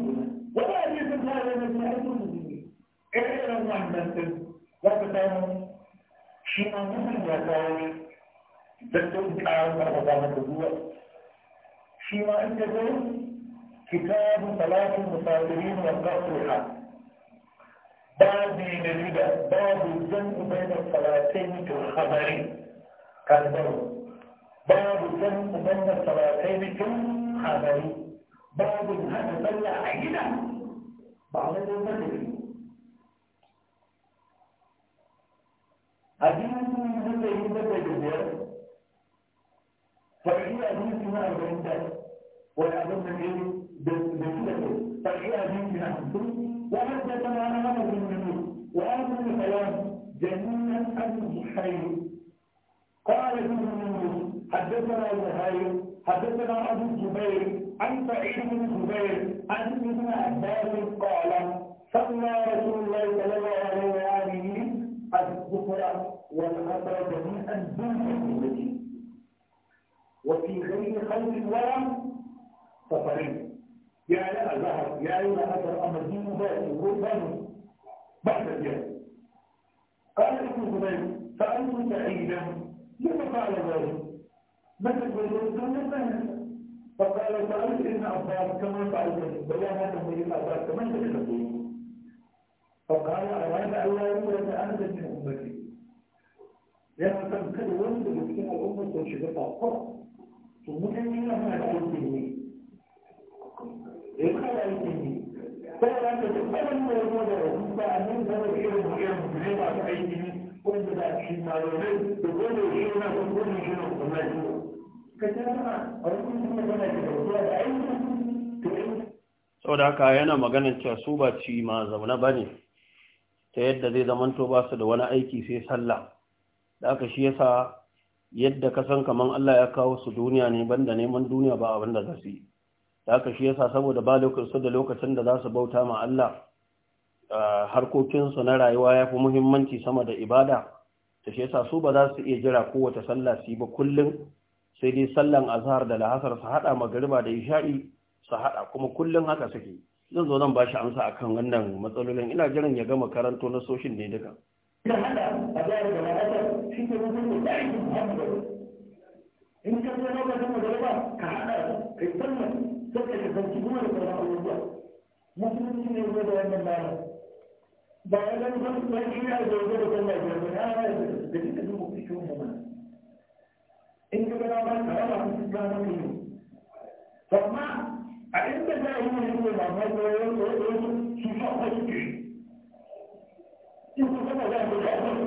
ولا يجب هذا الذي يعدون إلا الله مثل وقتا شيئا مثل ذلك دكتور تعالى رمضان الدبوة فيما انتظر كتاب صلاة المسافرين والقصر باب من الهدى باب الجمع بين الصلاتين في الخبر كالبرد باب كان مدمر الصلاتين كان خبري باب هذا طلع عينة بعض المدري حديث من هذا الجزيرة فهي حديث ما أربعين ويعلم من بسلسة فهي حديث من أحسن وهذا كما أنا أمر من منه وآمن الكلام جميلا أن الحيث حدثنا زهير حدثنا ابو الزبير عن سعيد بن الزبير عن ابن عباس قال صلى رسول الله صلى الله عليه واله الذكر والعصر جميعا دون وفي غير خلق ولا سفرين يا لها الظهر يا لها اثر اما الدين باقي وفن بعد الجهل قال ابن الزبير سالت سعيدا لما قال ذلك مثل والإنسان نفسه فقال فأنت إن أباك كما فعلت ولا هذا من أباك كما تشركون فقال أراد أن لا يولد أنت من أمتي لأن تنكر ولد مسكين الأمة وشبكة القرى ثم تنين لها العلم به يبقى العلم به فقال أنت تقبل ويولد فأمين ذلك إلهم إلهم غير أبعيده وإنت لا تشيء معلومين بقول الشيء ما تقول الشيء saboda haka yana maganin cewa su ba ci ma zaune ba ne ta yadda zai zamanto ba su da wani aiki sai sallah da aka shi yasa yadda ka san kaman Allah ya kawo su duniya ne banda neman duniya ba abin da za yi da aka shi yasa saboda ba lokacin da lokacin da za su bauta ma Allah harkokinsu na rayuwa ya fi muhimmanci sama da ibada ta shi yasa su ba za su iya jira kowace sallah su yi ba kullum sai dai sallan azhar da lahasar su hada magariba da isha'i su hada kuma kullun haka suke zan zo nan bashi amsa akan wannan matsalolin ina jiran ya gama karanto na soshin ne duka in ka zo na bakin magariba ka hada kai sallan sai ka kasance kuma da sauran abubuwa musulunci ne zo da wannan bayan ba ya gani ba ya shi ya zo da sallah da ya zo ya da da duka cikin mu in ka gana ba ka raba su ga mutum ne amma a inda za a yi ne ne ba ma ko yau ko yau su so ko su ke in ku kana za ku ga ko su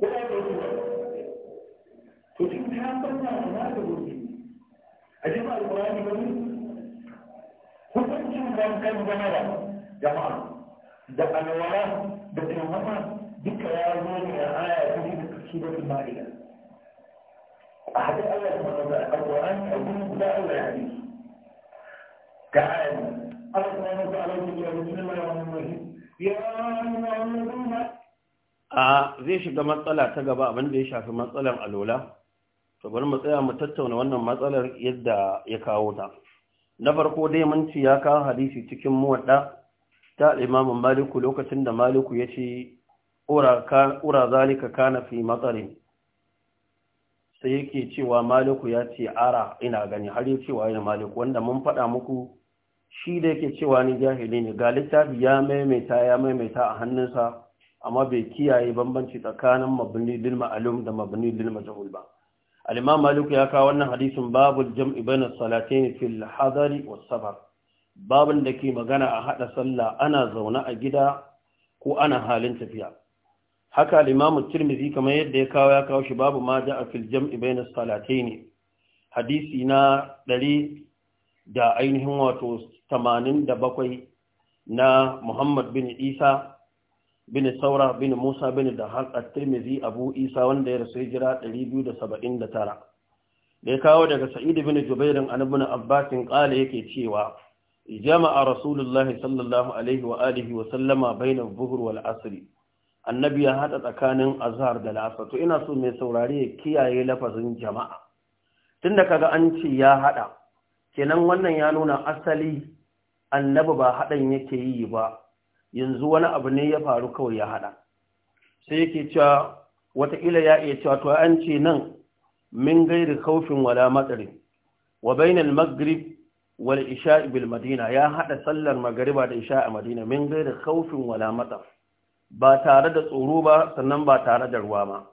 ko ya ko su to shi ta banna na da gobe a jama'a alqur'ani ba hukuncin ban kan gana ba jama'a da alwala da tunama duka ya zo ne a aya ta shi da suratul أحد الله da القرآن لا حديث الله بسم الله الرحمن الرحيم يا الذين a zai shiga matsala ta gaba abin da ya shafi matsalar alola to bari mu tsaya mu tattauna wannan matsalar yadda ya kawo ta na farko dai mun ci ya kawo hadisi cikin muwadda ta imamu maliku lokacin da maliku ya ce ura zalika kana fi matsalin sai yake cewa maliku ya ce ara ina gani har yi cewa ya maliku wanda mun faɗa muku shi da yake cewa ni jahili ne ga littafi ya maimaita ya maimaita a hannunsa amma bai kiyaye bambanci tsakanin mabini lil da mabini lil majhul ba al maliku ya kawo wannan hadisin babul jam'i bayna salatayn fil hadari was safar babin da ke magana a haɗa sallah ana zaune a gida ko ana halin tafiya haka limamu tirmizi kamar yadda ya kawo ya kawo shi babu ma da a filjam ibainas salatai ne hadisi na ɗari da ainihin wato tamanin da bakwai na muhammad bin isa bin saura bin musa bin da haƙa tirmizi abu isa wanda ya rasu jira 279 da ya kawo daga sa'idu bin jubairin anabin abbasin kala yake cewa jama'a rasulullahi sallallahu alaihi wa alihi wa sallama bainar buhur wal asiri annabi ya haɗa tsakanin azhar da lasa to ina so mai saurari ya kiyaye lafazin jama'a tunda kaga an ce ya haɗa kenan wannan ya nuna asali annabi ba haɗan yake yi ba yanzu wani abu ne ya faru kawai ya haɗa sai yake cewa wataƙila ya iya cewa to an ce nan min gairi kaufin wala matsari wa bainal maghrib wal isha bil madina ya haɗa sallar magariba da isha madina min gairi kaufin wala matsari ba tare da tsoro ba sannan ba tare da ruwa ba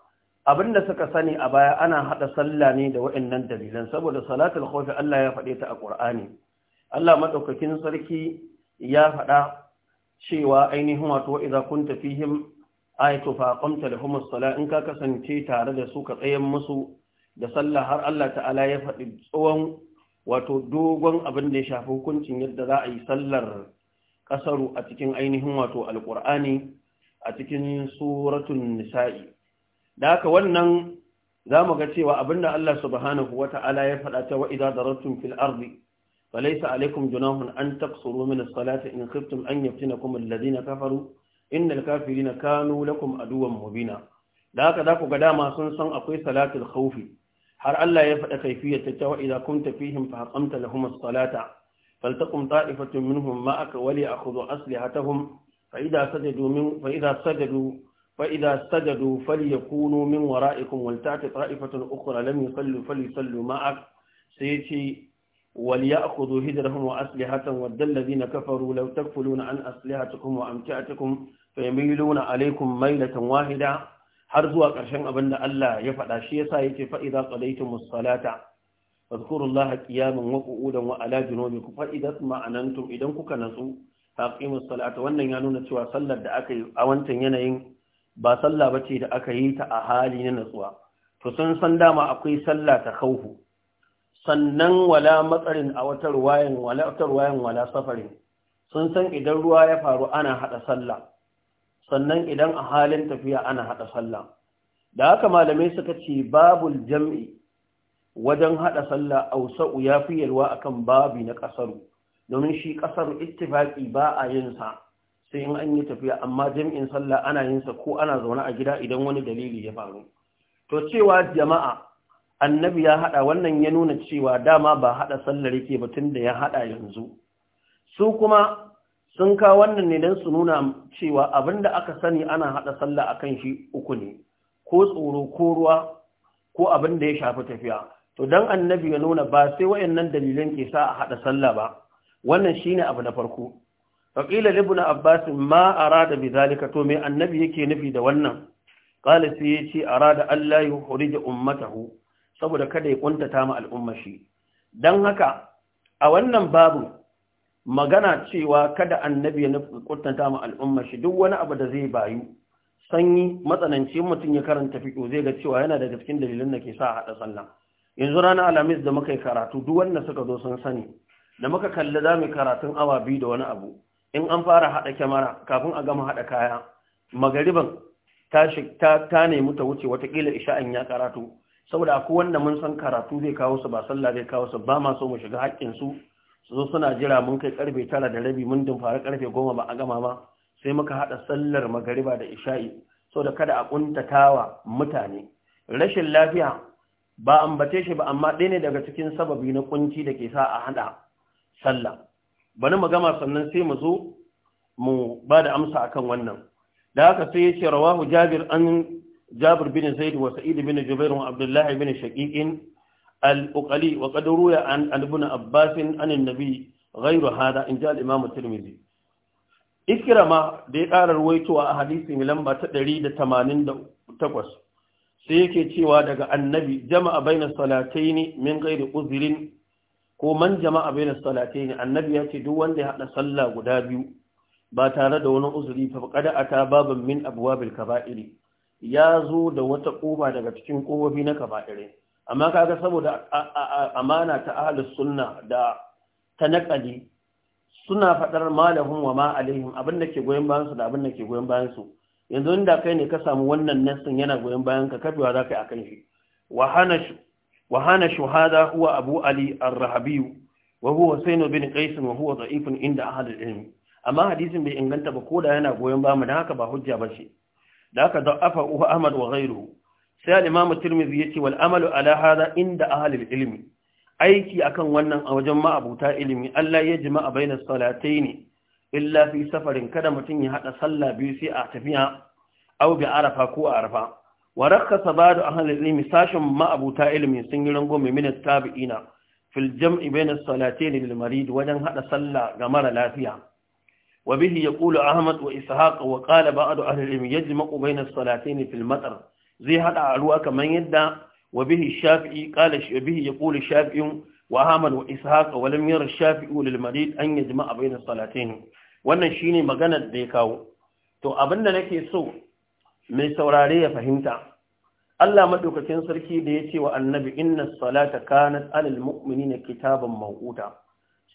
abin da suka sani a baya ana haɗa sallah ne da waɗannan dalilan saboda salatul khawfi Allah ya faɗe ta a Qur'ani Allah madaukakin sarki ya faɗa cewa ainihin wato idza kunta fihim ayatu fa qamta lahum as-salah in ka kasance tare da su ka tsayen musu da sallah har Allah ta'ala ya faɗi tsawon wato dogon abin da ya shafi hukuncin yadda za a yi sallar kasaru a cikin ainihin wato alqur'ani a cikin suratun nisa'i da haka wannan za mu ga cewa abinda Allah subhanahu wa ta'ala ya faɗa ta wa'iza da rattun fil ardi falaisa alaikum junahun an taqsuru min salata salati in khiftum an yaftinakum alladhina kafaru innal na kanu lakum aduwwan mubina da haka za ku ga dama sun san akwai salatul khawfi har Allah ya faɗa kaifiyar ta wa'iza kunta fihim fa haqamta lahum salata faltaqum ta'ifatun minhum ma'aka wa li'khudhu aslihatahum فإذا سجدوا من فإذا سجدوا فإذا سجدوا فليكونوا من ورائكم ولتأت طائفة أخرى لم يصلوا فليصلوا معك سيتي وليأخذوا هجرهم وأسلحة ود الذين كفروا لو تكفلون عن أسلحتكم وأمتعتكم فيميلون عليكم ميلة واحدة حرزوا قرشن أبن الله يفعل شيء سايتي فإذا قضيتم الصلاة فاذكروا الله قياما وقعودا وعلى جنوبكم فإذا اطمأننتم إذا كنتم aqimus salata wannan ya nuna cewa sallar da aka yi a wancan yanayin ba sallah bace da aka yi ta a hali na natsuwa to sun san dama akwai sallah ta khaufu sannan wala matsarin a wata ruwayan wala ruwayan wala safarin sun san idan ruwa ya faru ana hada sallah sannan idan a halin tafiya ana hada sallah da haka malamai suka ce babul jam'i wajen hada sallah ausa'u ya fi yalwa akan babi na kasaru domin shi kasar ittifaki ba a yin sa sai in an yi tafiya amma jami'in sallah ana yin sa ko ana zaune a gida idan wani dalili ya faru to cewa jama'a annabi ya hada wannan ya nuna cewa dama ba hada sallar yake ba tunda ya hada yanzu su kuma sun ka wannan ne don su nuna cewa abinda aka sani ana hada sallah akan shi uku ne ko tsoro ko ruwa ko abinda ya shafi tafiya to dan annabi ya nuna ba sai wayannan dalilan ke sa a hada sallah ba wannan shine abu na farko faqila na abbas ma arada bi zalika to me annabi yake nufi da wannan qala sai yace arada allah yukhrij ummatahu saboda kada ya kuntata ma al'umma shi dan haka a wannan babu magana cewa kada annabi ya kuntata ma al'umma shi duk wani abu da zai bayu sanyi matsanancin mutum ya karanta fito zai ga cewa yana da cikin dalilin da ke sa haɗa sallah yanzu rana alhamis da muka yi karatu duk wanda suka zo sun sani da muka kalli za mu karatun awa biyu da wani abu in an fara haɗa kyamara kafin a gama haɗa kaya magariban ta nemi ta wuce watakila isha'in ya karatu saboda akwai wanda mun san karatu zai kawo su ba sallah zai kawo su ba ma so mu shiga haƙƙinsu su zo suna jira mun kai karfe tara da rabi mun dumfari karfe goma ba a gama ba sai muka haɗa sallar magariba da isha'i saboda kada a ƙuntatawa mutane rashin lafiya ba ambace shi ba amma ɗaya ne daga cikin sababi na ƙunci da ke sa a haɗa sallah bani mu gama sannan sai mu zo mu ba da amsa akan wannan da haka sai ya ce rawahu jabir an jabir bin zaid wa sa'id bin jubair wa abdullah bin shaqiq al-uqali wa qad ruya an ibn abbas an an-nabi ghayru hada in ja al-imam at-tirmidhi ikrama da ya ƙara ruwaitowa a hadisi mai lamba ta 188 sai yake cewa daga annabi jama'a baina salataini min ghairi uzrin ko man jama'a bai da salate ne annabi ya ce duk wanda ya haɗa sallah guda biyu ba tare da wani uzuri fa kada a ta babin min abuwa bil kaba'iri ya zo da wata ƙoba daga cikin ƙobobi na kaba'ire amma kaga saboda amana ta ahlus sunna da ta naqali suna faɗar malahum wa ma alaihim abin da ke goyon bayansu da abin da ke goyon bayansu yanzu inda kai ne ka samu wannan nasin yana goyon bayan ka kabewa za ka yi akan shi wa hana وهان شهادة هو أبو علي الرهبي وهو حسين بن قيس وهو ضعيف عند أهل العلم أما حديث بإنغانت بقول أنا قوين بام ناك بحجة بشي ذاك ضعفه أحمد وغيره سأل الإمام الترمذي والأمل على هذا عند أهل العلم aiki akan wannan a wajen ma'abuta ilimi Allah ya jima'a bainas salataini illa fi safarin kada mutum ya hada sallah biyu sai a tafiya aw bi arafa ko arafa warakasa ba da ahalar ilimi sashen ma'abuta ilimi sun yi rangon minas tabi'ina fil jam'i bai na wajen haɗa sallah ga mara lafiya wa bihi ya ƙulu ahmad wa ishaq wa ƙala ba da ya jima'u bai na salate fil zai haɗa a ruwa kamar yadda wa bihi shafi'i ƙala bihi ya wa ahmad wa ishaq wa lam yara shafi'u lilmarid an jima'a bai wannan shine maganar da ya kawo to abin da nake so mai saurare ya fahimta Allah maɗaukacin sarki da ya ce wa annabi inna salata kanat alal na kitaban mawquta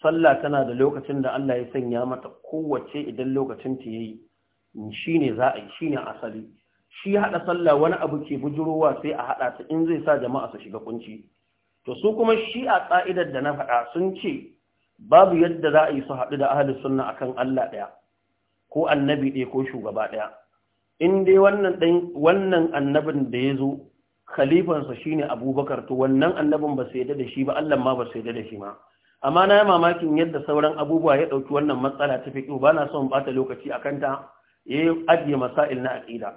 sallah tana da lokacin da Allah ya sanya mata kowace idan lokacin ta yayi shine za a yi shine asali shi haɗa sallah wani abu ke bujurowa sai a haɗa ta in zai sa jama'a su shiga kunci to su kuma shi a da na faɗa sun ce babu yadda za a yi su haɗu da ahalin sunna akan Allah ɗaya ko annabi ɗaya ko shugaba ɗaya in dai wannan annabin da ya zo khalifansa shine abubakar to wannan annabin ba su yadda da shi ba allah ma ba su yadda da shi ma amma na yi mamakin yadda sauran abubuwa ya ɗauki wannan matsala ta fiƙo ba na son bata lokaci a kanta ya yi ajiye masa'il na aƙida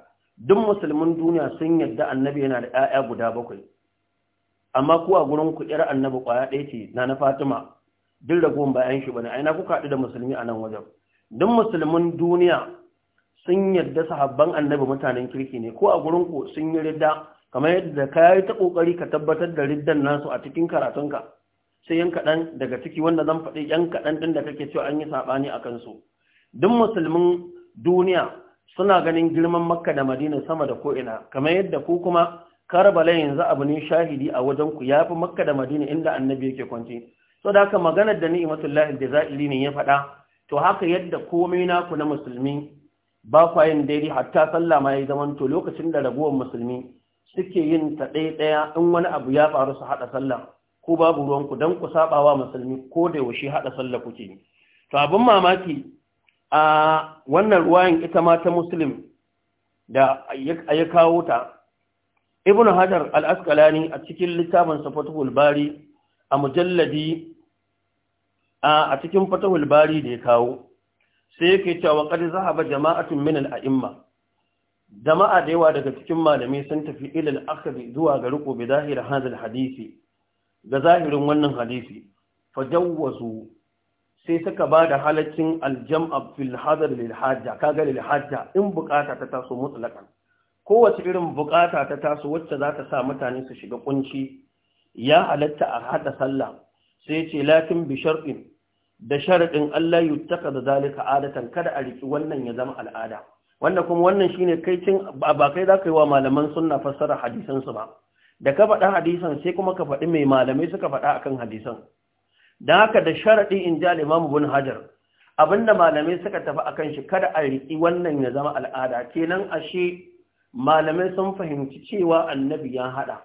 duk musulmin duniya sun yadda annabi yana da 'ya'ya guda bakwai amma ku a gurin ku ƙira annabi ƙwaya ɗaya ce na na fatima duk ragowar bayan shi bane aina kuka haɗu da musulmi a nan wajen duk musulmin duniya sun yarda sahabban annabi mutanen kirki ne ko a gurin ku sun yi ridda kamar yadda ka yi ta kokari ka tabbatar da riddan nasu a cikin karatunka sai yan kaɗan daga ciki wanda zan faɗi yan kaɗan ɗin da kake cewa an yi saɓani a kansu duk musulmin duniya suna ganin girman makka da madina sama da ko'ina kamar yadda ku kuma karbala yanzu abu ne shahidi a wajen ku ya fi makka da madina inda annabi yake kwance. so da haka maganar da ni'imatullahi da za'ili ne ya faɗa to haka yadda komai naku na musulmi ba kwa yin daidai hatta sallah ma ya zaman to lokacin da raguwar musulmi suke yin ta ɗaya ɗaya in wani abu ya faru su haɗa sallah ko babu ruwanku don ku saba wa musulmi ko da yaushe haɗa sallah kuke to abin mamaki a wannan ruwayan ita ma ta muslim da ya kawo ta ibnu hajar al-asqalani a cikin littafin safatul bari a mujalladi a cikin fatahul bari da ya kawo sai yake cewa qad zahaba jama'atun min a aimma jama'a da yawa daga cikin malamai sun tafi ila akari zuwa ga riko bi zahir hadal hadisi ga zahirin wannan hadisi fajawwazu sai suka ba da halaccin aljam'a fil hadar lil kaga lil in bukata ta taso mutlaqan kowace irin bukata ta taso wacce za ta sa mutane su shiga kunci ya halatta a hada sallah sai ce lakin bi shartin da sharaɗin Allah yuttaka da zalika adatan kada a riki wannan ya zama al'ada wanda kuma wannan shine kai cin ba kai zaka yi wa malaman sunna fassara hadisansu ba da ka faɗa hadisan sai kuma ka faɗi mai malamai suka faɗa akan hadisan dan haka da sharaɗi in ja Imam Ibn Hajar abinda malamai suka tafi akan shi kada a riki wannan ya zama al'ada kenan ashe malamai sun fahimci cewa annabi ya haɗa.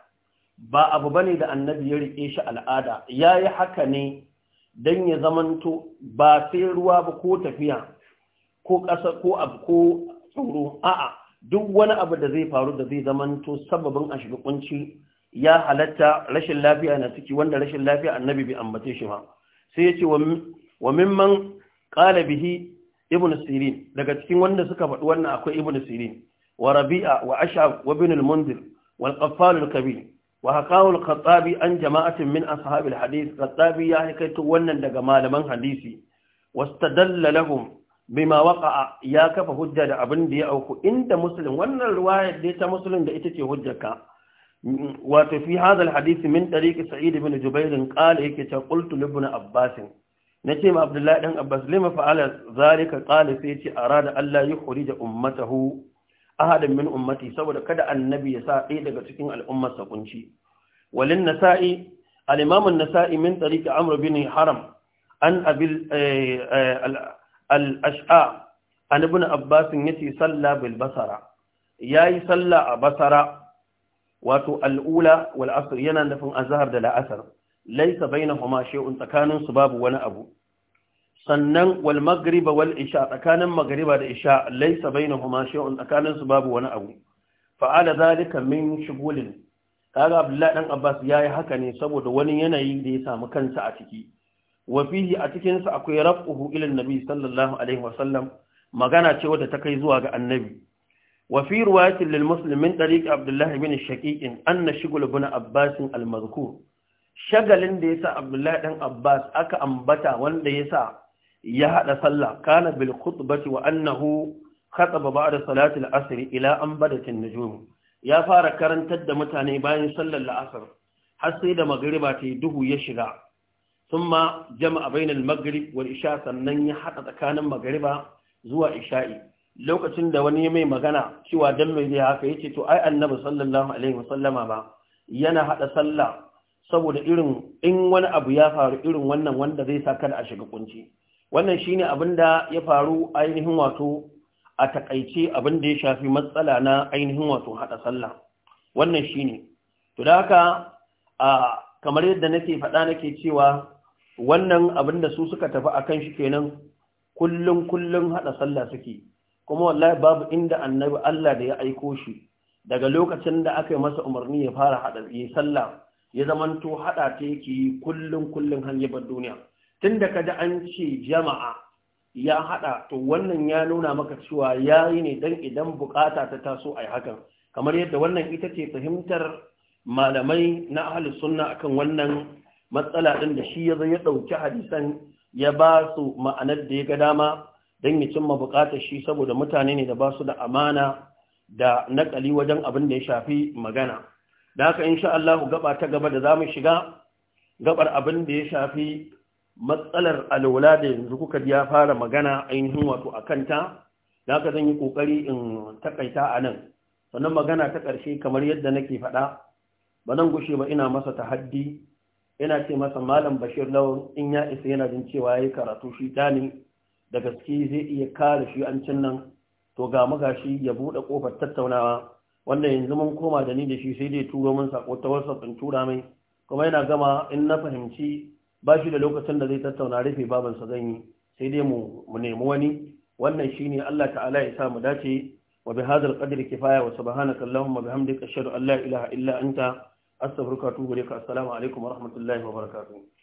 ba abu bane da annabi ya rike shi al'ada yayi haka ne Dan ya zamanto ba sai ruwa ba ko tafiya ko ƙasa ko abu ko tsoro a'a duk wani abu da zai faru da zai zamanto sababin a kunci ya halatta rashin lafiya na ciki wanda rashin lafiya annabi bai ambace shi ba sai ya ce wa mimman qala bihi ibnu sirin daga cikin wanda suka faɗi wannan akwai ibnu sirin wa rabi'a wa ashab wa ibn al-mundir wal qaffal al-kabir wa haƙawul katsabi an jama'atin min ashabil hadith katsabi ya haikaito wannan daga malaman hadisi wasta dallalahun bai ma waƙa ya kafa hujja da abinda ya auku inda musulun wannan ruwayar da ta musulun da ita ce hujjaka. wato fi hadal hadisi min ɗari ƙi sa'id ibn jubairin ƙala yake ta ƙultu libna abbasin na ce ma abdullahi ɗan abbas lima fa'ala zarika ƙala sai ce a rada allah yi hori da hu. ahadin min ummati saboda kada annabi ya sa ɗaya daga cikin al'ummar sa kunci walin nasa'i al nasai min tariq amr bin haram an abil eh, eh, al-ash'a an ibn abbas yace salla bil basara yayi salla a basara wato al-ula wal asr yana nufin azhar da la'asar laysa bainahuma shay'un tsakanin su babu wani abu sannan wal magriba wal isha tsakanin magriba da isha laisa bainahuma shay'un tsakanin su babu wani abu fa'ala zalika min shugulin kaga abdullahi dan abbas yayi haka ne saboda wani yanayi da ya samu kansa a ciki wa fihi a cikin sa akwai rafuhu ila annabi sallallahu alaihi sallam. magana ce wadda ta kai zuwa ga annabi wa fi riwayatin lil muslimin tariq abdullahi bin shaqiq anna shugul ibn abbas al mazkur shagalin da yasa abdullahi dan abbas aka ambata wanda yasa ya haɗa sallah kana bil khutbati wa annahu khataba ba'da salati al-asr ila anbadatin nujum ya fara karantar da mutane bayan sallar la'asar har sai da magriba ta duhu ya shiga thumma jama'a bainal maghrib wal isha sannan ya haɗa tsakanin magriba zuwa isha'i lokacin da wani mai magana cewa dan mai zai haka yace to ai annabi sallallahu alaihi sallama ba yana haɗa sallah saboda irin in wani abu ya faru irin wannan wanda zai sa kada a shiga kunci wannan shine abin da ya faru ainihin wato a takaice abin da ya shafi matsala na ainihin wato haɗa sallah wannan shine to da haka a kamar yadda nake faɗa nake cewa wannan abin da su suka tafi a kan shi kenan kullum-kullum haɗa sallah suke kuma wallahi babu inda annabi Allah da ya aiko shi daga lokacin da aka yi masa umarni ya fara haɗa sallah ya zamanto haɗa ta yake yi kullum-kullum har yabar duniya tun da ka ji an ce jama'a ya haɗa to wannan ya nuna maka cewa ya yi ne don idan bukata ta taso a hakan kamar yadda wannan ita ce fahimtar malamai na ahalus sunna akan wannan matsala ɗin da shi ya zai ya ɗauki hadisan ya ba su ma'anar da ya ga dama don ya cimma bukatar shi saboda mutane ne da ba su da amana da nakali wajen abin da ya shafi magana da haka insha Allah gaba ta gaba da zamu shiga gabar abin da ya shafi matsalar alwala da yanzu kuka ya fara magana ainihin wato a kanta da aka zan yi ƙoƙari in takaita a nan sannan magana ta ƙarshe kamar yadda nake faɗa ba nan gushe ba ina masa ta haddi. ina ce masa malam bashir lawan in ya isa yana jin cewa ya yi karatu shi ne da gaske zai iya kare shi an cin nan to ga magashi ya buɗe ƙofar tattaunawa wanda yanzu mun koma da ni da shi sai dai turo min sako ta whatsapp in tura mai kuma yana gama in na fahimci ba shi da lokacin da zai tattauna rufe babansa zan yi sai dai mu nemi wani wannan shine Allah ta'ala ya sa mu dace wa bi hadzal qadri kifaya wa subhanaka allahumma bihamdika ashhadu an la ilaha illa anta astaghfiruka wa atubu ilaik assalamu alaikum wa rahmatullahi wa barakatuh